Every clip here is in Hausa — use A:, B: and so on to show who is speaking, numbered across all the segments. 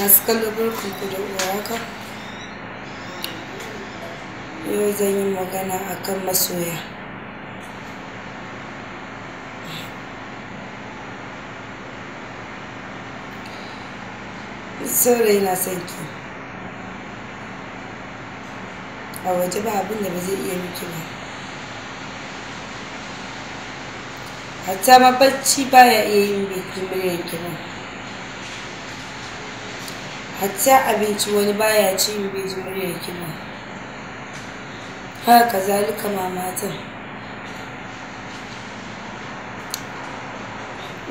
A: masu kallo barkanku da uwaraka yau zan yi magana kan masoya saurayi na son ki a waje ba abin da ba zai iya miki ba hatta ma bacci baya iya yin bikin muryar ki ba hatta abinci wani baya ci mai bai ji muryar kima haka kazalika mamatan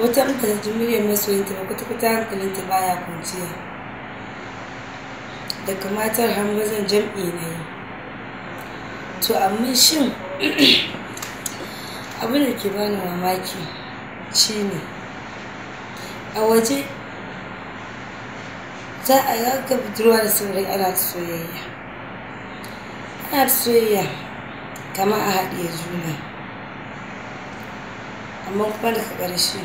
A: wata in ta ji muryar masoyinta ba kwata-kwata hankalinta baya kwanciya daga matar har mazan jam'i na yi to amma shin abin da ke bani mamaki shine a waje za a yanka budurwa da saurayi ana soyayya ana soyayya kamar a haɗiye juna amma kuma daga ƙarshe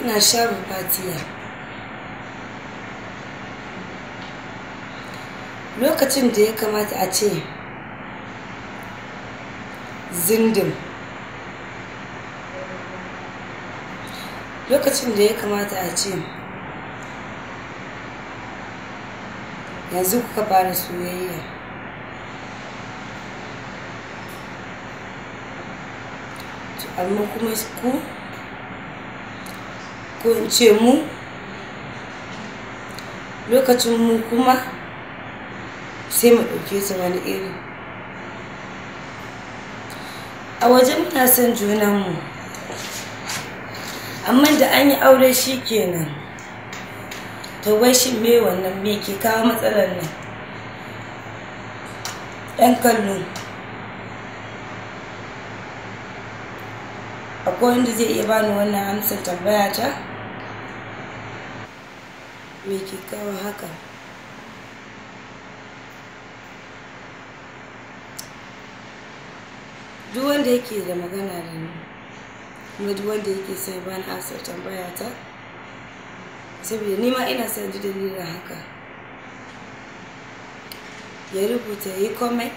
A: ana sha fatiya lokacin da ya kamata a ce zindin lokacin da ya kamata a ce yanzu kuka fara soyayya amma kuma ku ko ce mu lokacin mu kuma sai mu ɗauke su wani iri a waje muna son junanmu amma da an yi aure shi kenan to wai shi me wannan me ke kawo matsalar nan ɗan kallo akwai wanda zai iya bani wannan amsar tambaya ta me ke kawo haka duk wanda yake da magana da ni kuma duk wanda yake sai bani amsar tambaya ta saboda nima ina sa ji dalilin haka ya rubuta ya yi komai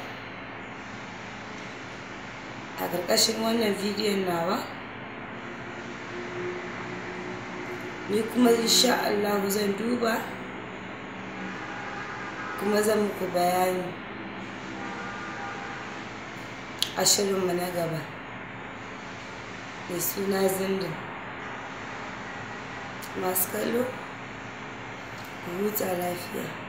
A: a ƙarƙashin wannan bidiyon nawa ni kuma insha Allah zan duba kuma zan muku bayani a mu na gaba mai suna zindin masu kallo huta lafiya